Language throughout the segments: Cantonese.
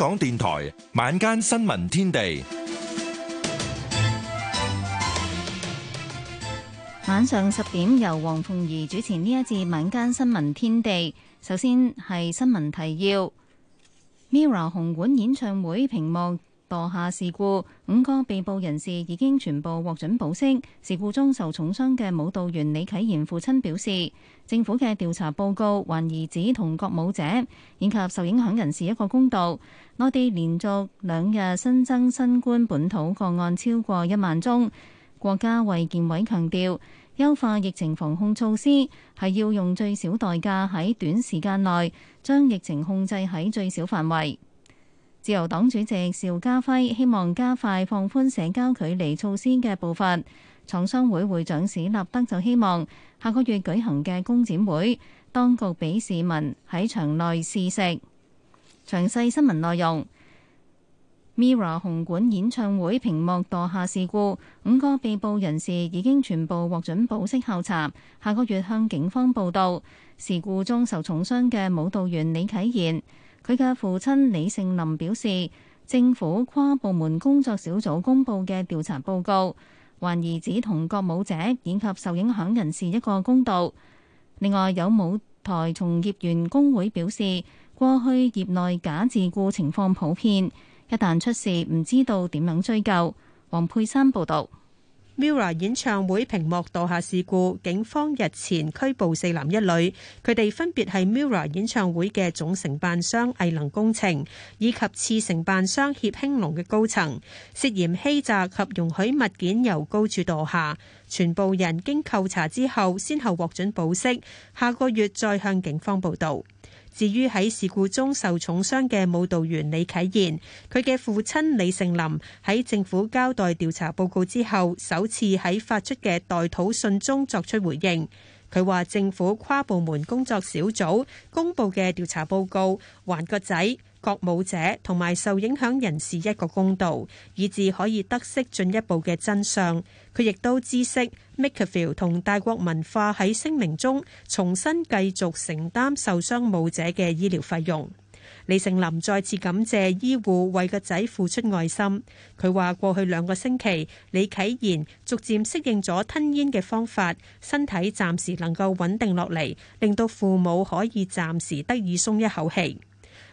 香港電台晚間新聞天地，晚上十點由黃鳳儀主持呢一次晚間新聞天地。首先係新聞提要，Mirror 紅館演唱會屏幕墮下事故，五個被捕人士已經全部獲准保釋。事故中受重傷嘅舞蹈員李啟賢父親表示，政府嘅調查報告還兒子同各舞者以及受影響人士一個公道。內地連續兩日新增新冠本土個案超過一萬宗，國家衛健委強調，優化疫情防控措施係要用最少代價喺短時間內將疫情控制喺最小範圍。自由黨主席邵家輝希望加快放寬社交距離措施嘅步伐。廠商會會長史立德就希望下個月舉行嘅公展會，當局俾市民喺場內試食。詳細新聞內容：MIRROR 紅館演唱會屏幕墮下事故，五個被捕人士已經全部獲准保釋候查。下個月向警方報到。事故中受重傷嘅舞蹈員李啟言。佢嘅父親李盛林表示，政府跨部門工作小組公布嘅調查報告，還兒子同各舞者以及受影響人士一個公道。另外，有舞台從業員工會表示，過去業內假自雇情況普遍，一旦出事唔知道點樣追究。黃佩珊報導。MIRROR 演唱會屏幕墮下事故，警方日前拘捕四男一女，佢哋分別係 MIRROR 演唱會嘅總承辦商藝能工程以及次承辦商協興隆嘅高層，涉嫌欺詐及容許物件由高處墮下，全部人經扣查之後，先後獲准保釋，下個月再向警方報到。至於喺事故中受重傷嘅舞蹈員李啟言，佢嘅父親李盛林喺政府交代調查報告之後，首次喺發出嘅代禱信中作出回應。佢話：政府跨部門工作小組公布嘅調查報告還個仔割舞者同埋受影響人士一個公道，以致可以得悉進一步嘅真相。佢亦都知悉 MakerVille 同大國文化喺聲明中重新繼續承擔受傷舞者嘅醫療費用。李成林再次感謝醫護為個仔付出愛心。佢話：過去兩個星期，李啟賢逐漸適應咗吞煙嘅方法，身體暫時能夠穩定落嚟，令到父母可以暫時得以鬆一口氣。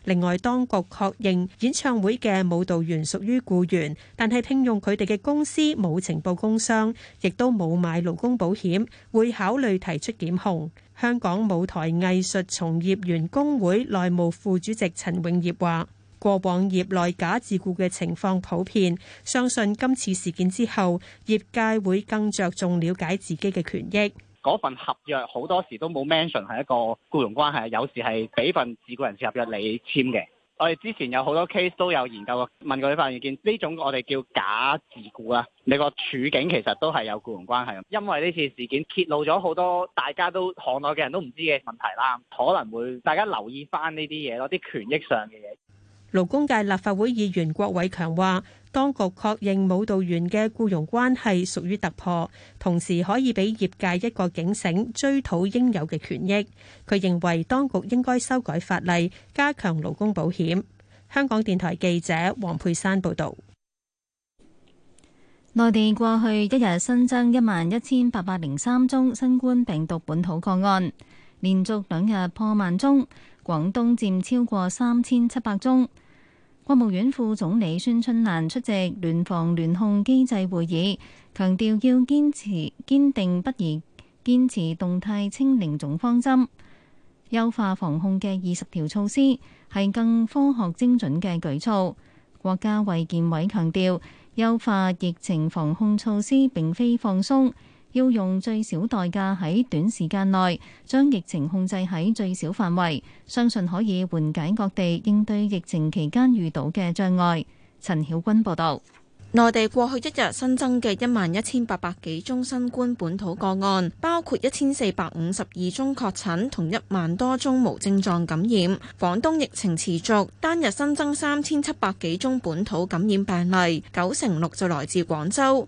另外，當局確認演唱會嘅舞蹈員屬於僱員，但係聘用佢哋嘅公司冇呈報工傷，亦都冇買勞工保險，會考慮提出檢控。香港舞台藝術從業員工會內務副主席陳永業話，過往業內假自雇嘅情況普遍，相信今次事件之後，業界會更着重了解自己嘅權益。嗰份合約好多時都冇 mention 係一個僱傭關係，有時係俾份自雇人士合約你簽嘅。我哋之前有好多 case 都有研究過，問過啲法律意見，呢種我哋叫假自雇啦。你個處境其實都係有僱傭關係。因為呢次事件揭露咗好多大家都行內嘅人都唔知嘅問題啦，可能會大家留意翻呢啲嘢咯，啲權益上嘅嘢。勞工界立法會議員郭偉強話，當局確認舞蹈員嘅僱傭關係屬於突破，同時可以俾業界一個警醒，追討應有嘅權益。佢認為當局應該修改法例，加強勞工保險。香港電台記者黃佩珊報道。內地過去一日新增一萬一千八百零三宗新冠病毒本土個案，連續兩日破萬宗。廣東占超過三千七百宗，國務院副總理孫春蘭出席聯防聯控機制會議，強調要堅持堅定不移，堅持動態清零總方針，優化防控嘅二十條措施係更科學精準嘅舉措。國家衛健委強調，優化疫情防控措施並非放鬆。要用最少代價喺短時間內將疫情控制喺最小範圍，相信可以緩解各地應對疫情期間遇到嘅障礙。陳曉君報導，內地過去一日新增嘅一萬一千八百幾宗新冠本土個案，包括一千四百五十二宗確診同一萬多宗無症狀感染。廣東疫情持續，單日新增三千七百幾宗本土感染病例，九成六就來自廣州。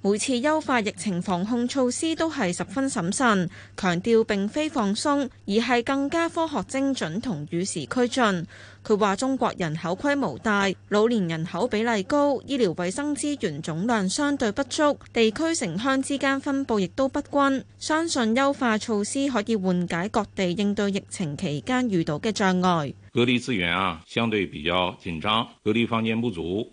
每次優化疫情防控措施都係十分審慎，強調並非放鬆，而係更加科學精準同與時俱進。佢話中國人口規模大，老年人口比例高，醫療衛生資源總量相對不足，地區城鄉之間分布亦都不均。相信優化措施可以緩解各地應對疫情期間遇到嘅障礙。隔離資源啊，相對比較緊張，隔離房間不足。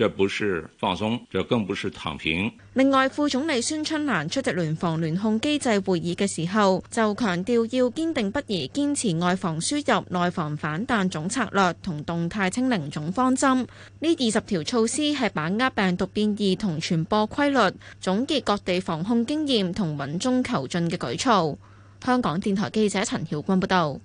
這不是放鬆，這更不是躺平。另外，副總理孫春蘭出席聯防聯控機制會議嘅時候，就強調要堅定不移堅持外防輸入、內防反彈總策略同動態清零總方針。呢二十條措施係把握病毒變異同傳播規律，總結各地防控經驗同穩中求進嘅舉措。香港電台記者陳曉君報道。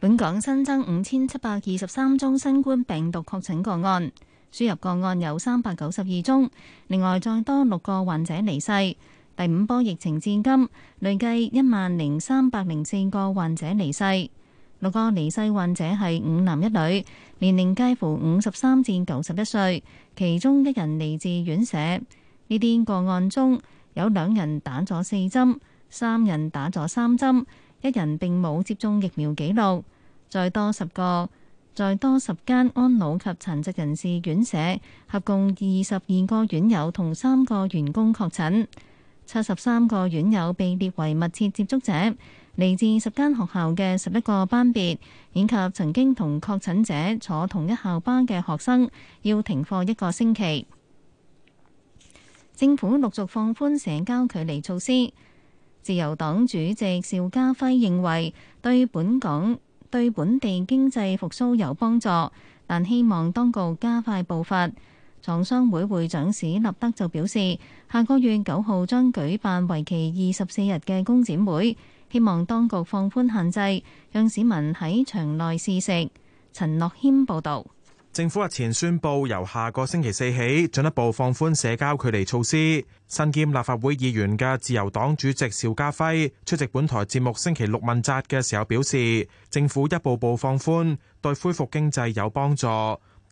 本港新增五千七百二十三宗新冠病毒確診個案，輸入個案有三百九十二宗，另外再多六個患者離世。第五波疫情至今，累計一萬零三百零四個患者離世。六個離世患者係五男一女，年齡介乎五十三至九十一歲，其中一人嚟自院舍。呢啲個案中有兩人打咗四針，三人打咗三針。一人並冇接種疫苗記錄，再多十個，再多十間安老及殘疾人士院舍，合共二十二個院友同三個員工確診，七十三個院友被列為密切接觸者。嚟自十間學校嘅十一個班別，以及曾經同確診者坐同一校班嘅學生，要停課一個星期。政府陸續放寬社交距離措施。自由黨主席邵家輝認為對本港、對本地經濟復甦有幫助，但希望當局加快步伐。廠商會會長史立德就表示，下個月九號將舉辦為期二十四日嘅工展會，希望當局放寬限制，讓市民喺場內試食。陳諾謙報導。政府日前宣布，由下個星期四起進一步放寬社交距離措施。身兼立法會議員嘅自由黨主席邵家輝出席本台節目星期六問責嘅時候表示，政府一步步放寬，對恢復經濟有幫助。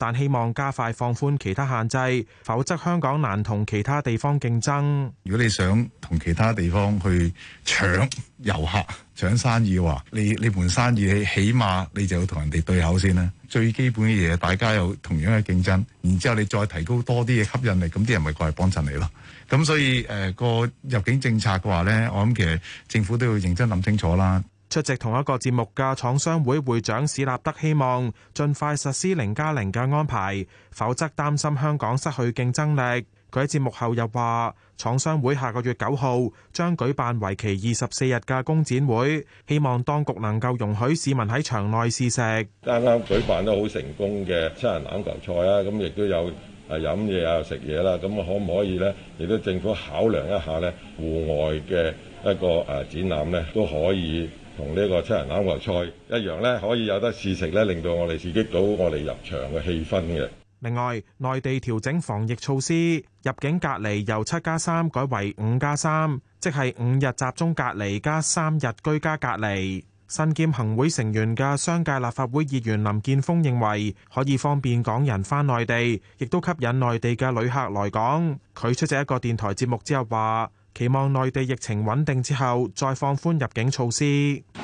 但希望加快放寬其他限制，否則香港難同其他地方競爭。如果你想同其他地方去搶遊客、搶生意嘅話，你，你盤生意，你，起碼你就要同人哋對口先啦。最基本嘅嘢，大家有同樣嘅競爭，然之後你再提高多啲嘅吸引力，咁啲人咪過嚟幫襯你咯。咁所以誒個、呃、入境政策嘅話咧，我諗其實政府都要認真諗清楚啦。出席同一個節目嘅廠商會會長史立德希望盡快實施零加零嘅安排，否則擔心香港失去競爭力。佢喺節目後又話，廠商會下個月九號將舉辦為期二十四日嘅工展會，希望當局能夠容許市民喺場內試食。啱啱舉辦咗好成功嘅七人欖球賽啦，咁亦都有誒飲嘢啊、食嘢啦，咁可唔可以咧？亦都政府考量一下咧，戶外嘅一個誒展覽咧都可以。同呢個七人攬華菜一樣咧，可以有得試食咧，令到我哋刺激到我哋入場嘅氣氛嘅。另外，內地調整防疫措施，入境隔離由七加三改為五加三，3，即係五日集中隔離加三日居家隔離。身兼行會成員嘅商界立法會議員林健鋒認為，可以方便港人返內地，亦都吸引內地嘅旅客來港。佢出席一個電台節目之後話。期望內地疫情穩定之後，再放寬入境措施。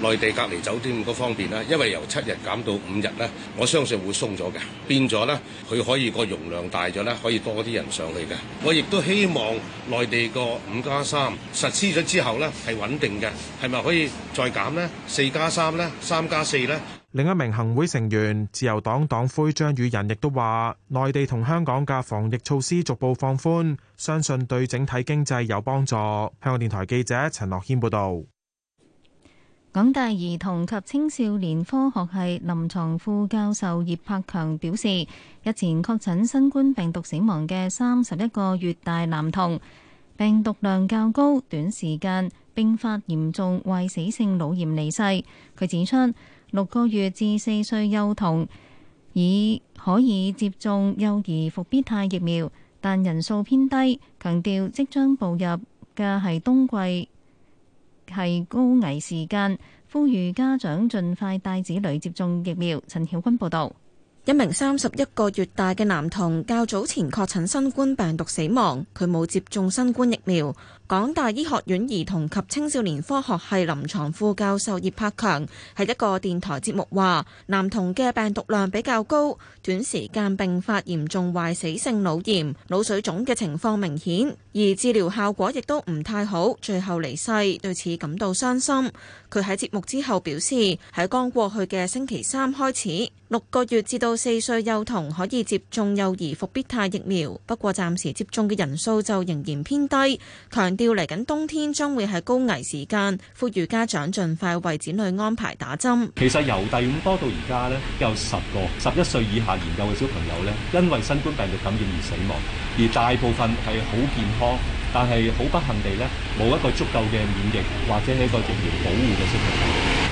內地隔離酒店嗰方面啦，因為由七日減到五日咧，我相信會鬆咗嘅，變咗咧，佢可以個容量大咗咧，可以多啲人上去嘅。我亦都希望內地個五加三實施咗之後咧，係穩定嘅，係咪可以再減呢？四加三呢？三加四呢？另一名行會成員、自由黨黨魁張宇人亦都話：內地同香港嘅防疫措施逐步放寬，相信對整體經濟有幫助。香港電台記者陳樂謙報道。港大兒童及青少年科學系臨床副教授葉柏強表示，日前確診新冠病毒死亡嘅三十一個月大男童，病毒量較高，短時間併發嚴重壞死性腦炎離世。佢指出。六個月至四歲幼童已可以接種幼兒復必泰疫苗，但人數偏低。強調即將步入嘅係冬季，係高危時間，呼籲家長盡快帶子女接種疫苗。陳曉君報導，一名三十一個月大嘅男童較早前確診新冠病毒死亡，佢冇接種新冠疫苗。港大醫學院兒童及青少年科學系臨床副教授葉柏強喺一個電台節目話：男童嘅病毒量比較高，短時間並發嚴重壞死性腦炎、腦水腫嘅情況明顯，而治療效果亦都唔太好，最後離世，對此感到傷心。佢喺節目之後表示，喺剛過去嘅星期三開始，六個月至到四歲幼童可以接種幼兒復必泰疫苗，不過暫時接種嘅人數就仍然偏低，強調。要嚟緊冬天將會係高危時間，呼籲家長盡快為子女安排打針。其實由第五波到而家呢，有十個、十一歲以下年幼嘅小朋友呢，因為新冠病毒感染而死亡，而大部分係好健康，但係好不幸地呢，冇一個足夠嘅免疫或者係一個疫苗保護嘅水平。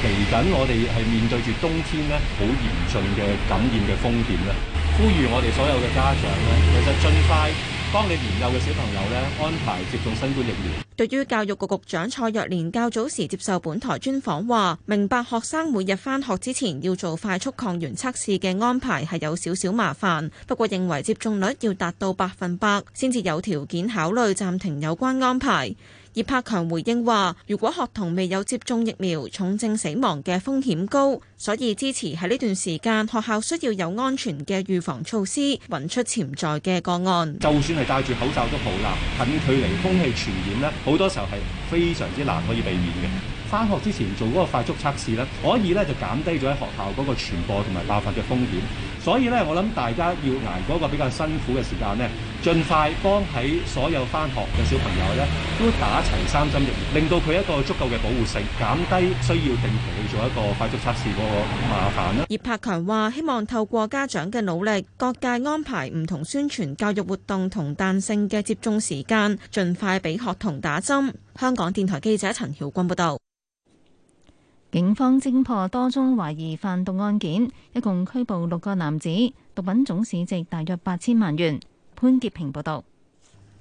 嚟緊我哋係面對住冬天呢，好嚴峻嘅感染嘅風險呢，呼籲我哋所有嘅家長呢，其實盡快，幫你年幼嘅小朋友咧，安排接種新冠疫苗。對於教育局局長蔡若蓮較早時接受本台專訪話，明白學生每日返學之前要做快速抗原測試嘅安排係有少少麻煩，不過認為接種率要達到百分百先至有條件考慮暫停有關安排。葉柏強回應話，如果學童未有接種疫苗，重症死亡嘅風險高，所以支持喺呢段時間學校需要有安全嘅預防措施，揾出潛在嘅個案。就算係戴住口罩都好啦，近距離空氣傳染呢，好多時候係非常之難可以避免嘅。返學之前做嗰個快速測試呢，可以呢就減低咗喺學校嗰個傳播同埋爆發嘅風險。所以呢，我諗大家要捱嗰個比較辛苦嘅時間呢。盡快幫喺所有返學嘅小朋友呢都打齊三針疫苗，令到佢一個足夠嘅保護性，減低需要定期去做一個快速測試嗰個麻煩啦、啊。葉柏強話：希望透過家長嘅努力，各界安排唔同宣傳教育活動同彈性嘅接種時間，盡快俾學童打針。香港電台記者陳曉君報道，警方偵破多宗懷疑販毒案件，一共拘捕六個男子，毒品總市值大約八千萬元。潘潔平報道，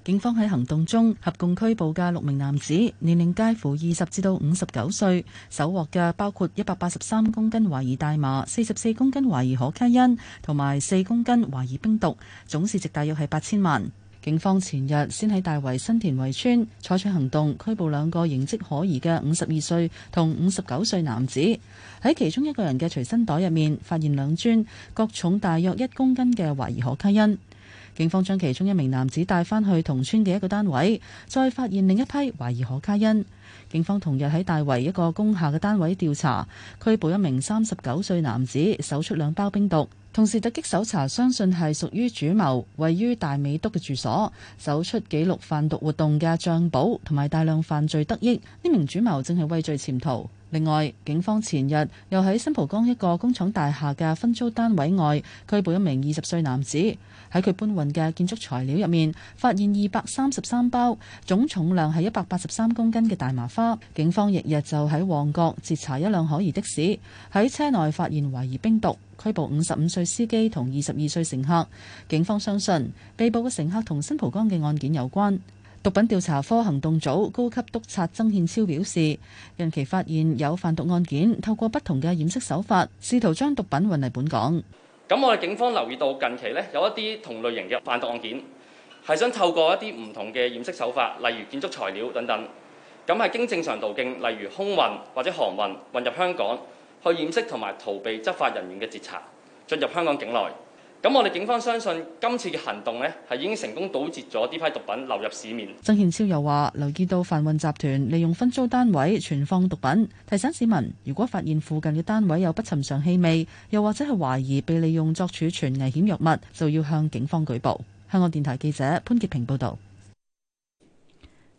警方喺行動中合共拘捕嘅六名男子，年齡介乎二十至到五十九歲。搜獲嘅包括一百八十三公斤懷疑大麻、四十四公斤懷疑可卡因同埋四公斤懷疑冰毒，總市值大約係八千萬。警方前日先喺大圍新田圍村採取行動，拘捕兩個形迹可疑嘅五十二歲同五十九歲男子。喺其中一個人嘅隨身袋入面發現兩磚各重大約一公斤嘅懷疑可卡因。警方將其中一名男子帶返去同村嘅一個單位，再發現另一批懷疑可卡因。警方同日喺大圍一個工廈嘅單位調查，拘捕一名三十九歲男子，搜出兩包冰毒。同時突擊搜查，相信係屬於主謀位於大美督嘅住所，搜出記錄販毒活動嘅賬簿同埋大量犯罪得益。呢名主謀正係畏罪潛逃。另外，警方前日又喺新蒲崗一個工廠大廈嘅分租單位外拘捕一名二十歲男子，喺佢搬運嘅建築材料入面發現二百三十三包總重量係一百八十三公斤嘅大麻花。警方翌日就喺旺角截查一輛可疑的士，喺車內發現懷疑冰毒，拘捕五十五歲司機同二十二歲乘客。警方相信被捕嘅乘客同新蒲崗嘅案件有關。毒品調查科行動組高級督察曾憲超表示，近期發現有販毒案件透過不同嘅掩飾手法，試圖將毒品運嚟本港。咁我哋警方留意到近期咧有一啲同類型嘅販毒案件，係想透過一啲唔同嘅掩飾手法，例如建築材料等等，咁係經正常途徑，例如空運或者航運運入香港，去掩飾同埋逃避執法人員嘅截查，進入香港境內。咁我哋警方相信今次嘅行動呢，係已經成功堵截咗呢批毒品流入市面。曾憲超又話：留意到泛運集團利用分租單位存放毒品，提醒市民如果發現附近嘅單位有不尋常氣味，又或者係懷疑被利用作儲存危險藥物，就要向警方舉報。香港電台記者潘潔平報導。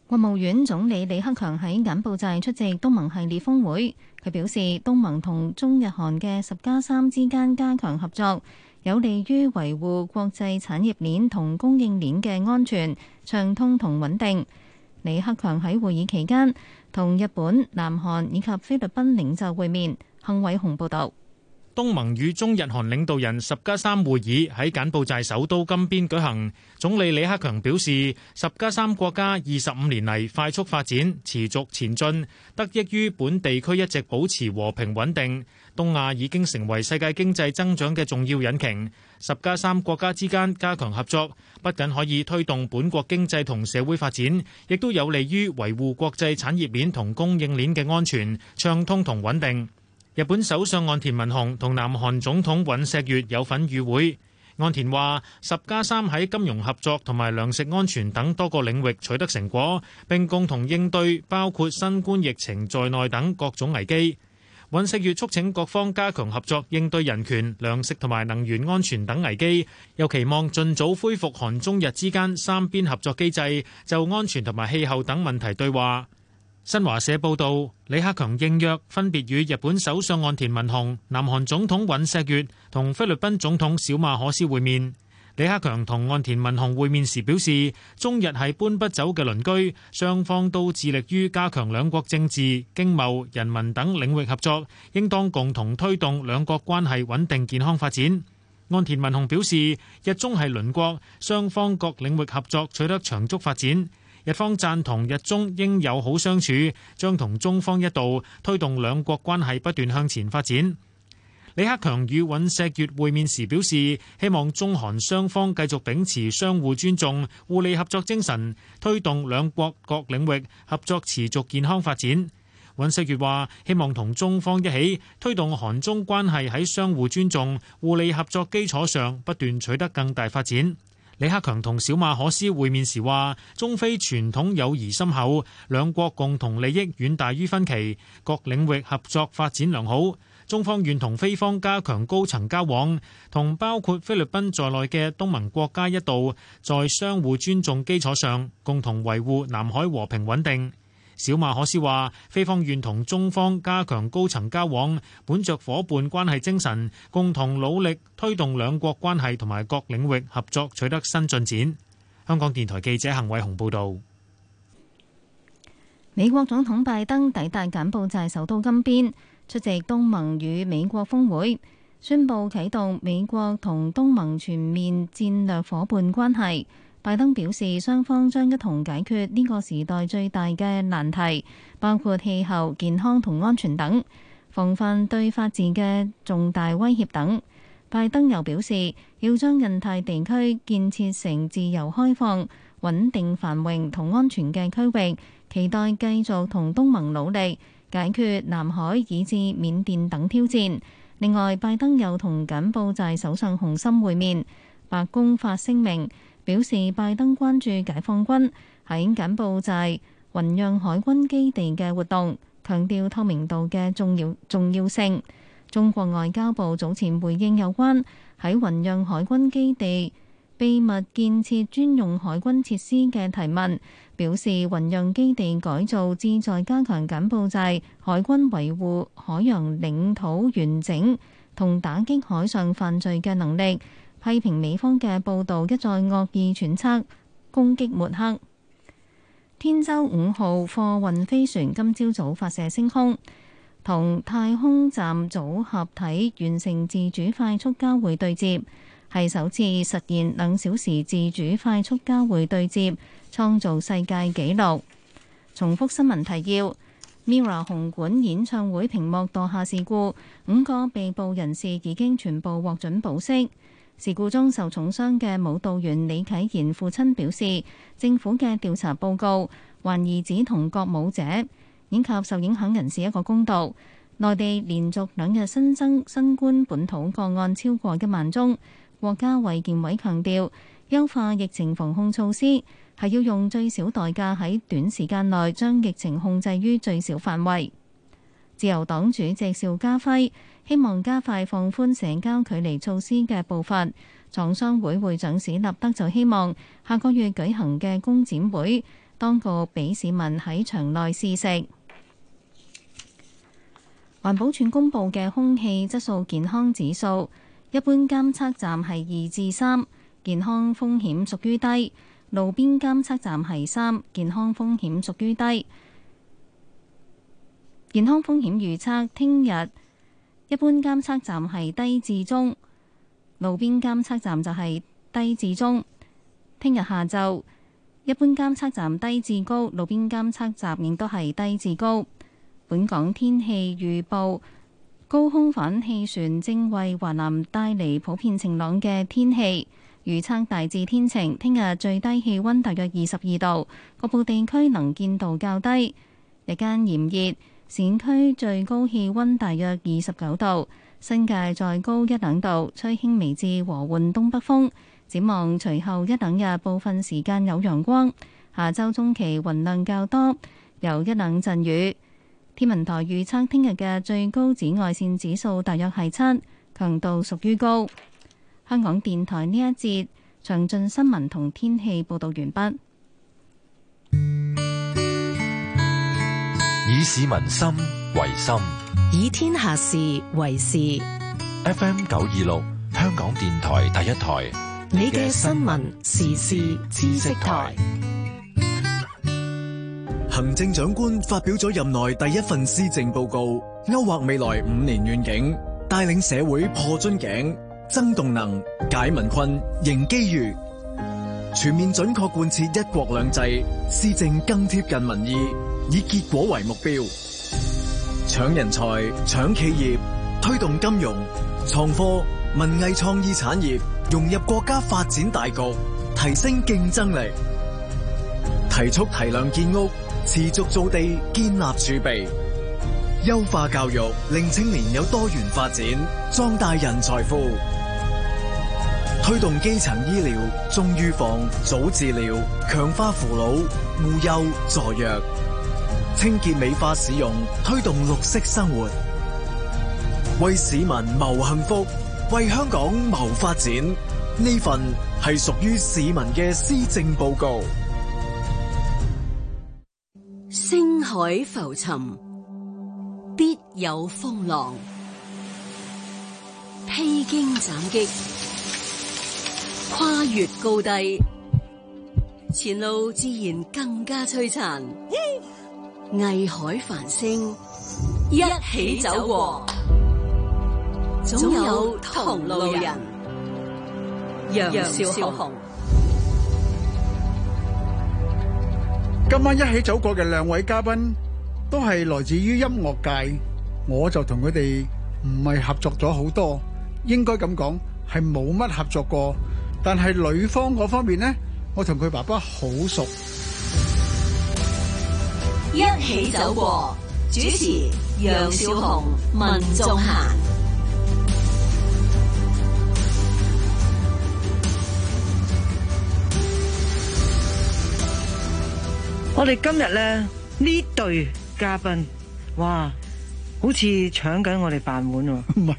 國務院總理李克強喺柬埔寨出席東盟系列峰會，佢表示東盟同中日韓嘅十加三之間加強合作。有利於維護國際產業鏈同供應鏈嘅安全暢通同穩定。李克強喺會議期間同日本、南韓以及菲律賓領袖會面。幸偉雄報道。東盟與中日韓領導人十加三會議喺柬埔寨首都金邊舉行。總理李克強表示，十加三國家二十五年嚟快速發展、持續前進，得益於本地區一直保持和平穩定。東亞已經成為世界經濟增長嘅重要引擎。十加三國家之間加強合作，不僅可以推動本國經濟同社會發展，亦都有利於維護國際產業鏈同供應鏈嘅安全、暢通同穩定。日本首相岸田文雄同南韓總統尹錫悅有份與會。岸田話：十加三喺金融合作同埋糧食安全等多個領域取得成果，並共同應對包括新冠疫情在內等各種危機。尹錫悅促請各方加強合作，應對人權、糧食同埋能源安全等危機，又期望盡早恢復韓中日之間三邊合作機制，就安全同埋氣候等問題對話。新華社報道，李克強應約分別與日本首相岸田文雄、南韓總統尹錫悅同菲律賓總統小馬可斯會面。李克強同岸田文雄會面時表示，中日係搬不走嘅鄰居，雙方都致力於加強兩國政治、經貿、人民等領域合作，應當共同推動兩國關係穩定健康發展。岸田文雄表示，日中係鄰國，雙方各領域合作取得長足發展。日方贊同日中應友好相處，將同中方一道推動兩國關係不斷向前發展。李克強與尹錫悅會面時表示，希望中韓雙方繼續秉持相互尊重、互利合作精神，推動兩國各領域合作持續健康發展。尹錫悅話：希望同中方一起推動韓中關係喺相互尊重、互利合作基礎上不斷取得更大發展。李克強同小馬可斯會面時話，中菲傳統友誼深厚，兩國共同利益遠大於分歧，各領域合作發展良好。中方願同菲方加強高層交往，同包括菲律賓在內嘅東盟國家一道，在相互尊重基礎上，共同維護南海和平穩定。小馬可斯話：菲方願同中方加強高層交往，本着伙伴關係精神，共同努力推動兩國關係同埋各領域合作取得新進展。香港電台記者陳偉雄報道：美國總統拜登抵達柬埔寨首都金邊，出席東盟與美國峰會，宣布啟動美國同東盟全面戰略伙伴關係。拜登表示，雙方將一同解決呢個時代最大嘅難題，包括氣候、健康同安全等，防範對法治嘅重大威脅等。拜登又表示，要將印太地區建設成自由、開放、穩定、繁榮同安全嘅區域，期待繼續同東盟努力解決南海以至緬甸等挑戰。另外，拜登又同柬埔寨首相洪森會面，白宮發聲明，表示拜登關注解放軍喺柬埔寨雲壤海軍基地嘅活動，強調透明度嘅重要重要性。中國外交部早前回應有關喺雲壤海軍基地秘密建設專用海軍設施嘅提問，表示雲壤基地改造旨在加強柬埔寨海軍維護海洋領土完整同打擊海上犯罪嘅能力。批評美方嘅報導一再惡意揣測、攻擊抹黑。天「天舟五號貨運飛船今朝早，早發射升空，同太空站組合體完成自主快速交會對接，係首次實現兩小時自主快速交會對接，創造世界紀錄。重複新聞提要：MIRROR 紅館演唱會屏幕墮下事故，五個被捕人士已經全部獲准保釋。事故中受重傷嘅舞蹈員李啟賢父親表示，政府嘅調查報告還兒子同國舞者，以及受影響人士一個公道。內地連續兩日新增新冠本土個案超過一萬宗，國家衛健委強調，優化疫情防控措施係要用最少代價喺短時間內將疫情控制於最小範圍。自由黨主席邵家輝。希望加快放寬社交距離措施嘅步伐。廠商會會長史立德就希望下個月舉行嘅工展會，當局俾市民喺場內試食。環保署公布嘅空氣質素健康指數，一般監測站係二至三，健康風險屬於低；路邊監測站係三，健康風險屬於低。健康風險預測聽日。一般監測站係低至中，路邊監測站就係低至中。聽日下晝，一般監測站低至高，路邊監測站亦都係低至高。本港天氣預報，高空反氣旋正為華南帶嚟普遍晴朗嘅天氣，預測大致天晴。聽日最低氣温大約二十二度，局部地區能見度較低，日間炎熱。市區最高氣溫大約二十九度，新界再高一兩度，吹輕微至和緩東北風。展望隨後一兩日部分時間有陽光，下周中期雲量較多，有一兩陣雨。天文台預測聽日嘅最高紫外線指數大約係七，強度屬於高。香港電台呢一節詳盡新聞同天氣報道完畢。以市民心為心，以天下事為事。FM 九二六，香港電台第一台，你嘅新聞時事知識台。行政長官發表咗任內第一份施政報告，勾畫未來五年願景，帶領社會破樽頸、增動能、解民困、迎機遇，全面準確貫徹一國兩制，施政更貼近民意。以結果為目標，搶人才、搶企業，推動金融、創科、文藝創意產業融入國家發展大局，提升競爭力。提速提量建屋，持續造地建立儲備，優化教育，令青年有多元發展，壯大人才庫。推動基層醫療重預防、早治療，強化扶老護幼助弱。清潔美化市容，推動綠色生活，為市民謀幸福，為香港謀發展。呢份係屬於市民嘅施政報告。星海浮沉，必有風浪；披荊斬棘，跨越高低，前路自然更加璀璨。 藝海繁星，一起走過，總有同路人。楊少雄，今晚一起走過嘅兩位嘉賓，都係來自於音樂界。我就同佢哋唔係合作咗好多，應該咁講係冇乜合作過。但係女方嗰方面呢，我同佢爸爸好熟。一起走過，主持楊少紅、文仲賢。我哋今日咧呢對嘉賓，哇，好似搶緊我哋飯碗喎！唔係，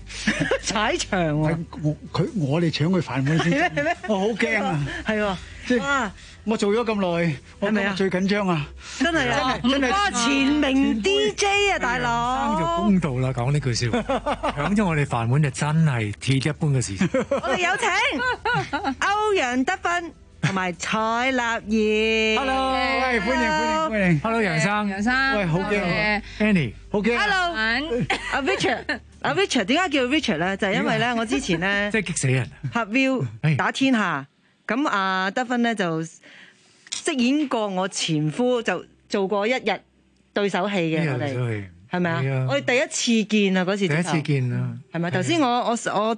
踩場喎！我佢我哋搶佢飯碗先，我好驚啊！係啊！啊！我做咗咁耐，我未有最緊張啊？真係啊！前名 DJ 啊，大佬！就公道啦，講呢句說話，搶咗我哋飯碗就真係鐵一般嘅事實。我哋有請歐陽德芬同埋蔡立賢。Hello，喂，歡迎歡迎歡迎。Hello，楊生，楊生，喂，好嘅，Annie，好嘅。Hello，阿 Richard，阿 Richard，點解叫 Richard 咧？就係因為咧，我之前咧，即係激死人，拍 view 打天下。咁啊，德芬咧就，飾演過我前夫，就做過一日對手戲嘅我哋，係咪吧啊？我哋第一次見啊，嗰次第一次見啊，係咪吧？頭先、嗯、我我我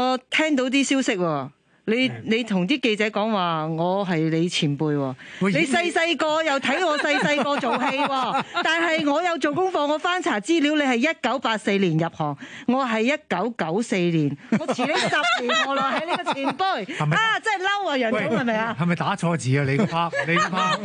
我聽到啲消息喎、哦。你你同啲記者講話，我係你前輩喎，喂你細細個又睇我細細個做戲喎， 但係我有做功課，我翻查資料，你係一九八四年入行，我係一九九四年，我遲你十年我來係呢個前輩，係咪啊？真係嬲啊楊總，係咪啊？係咪打錯字啊？你個拍，你個拍。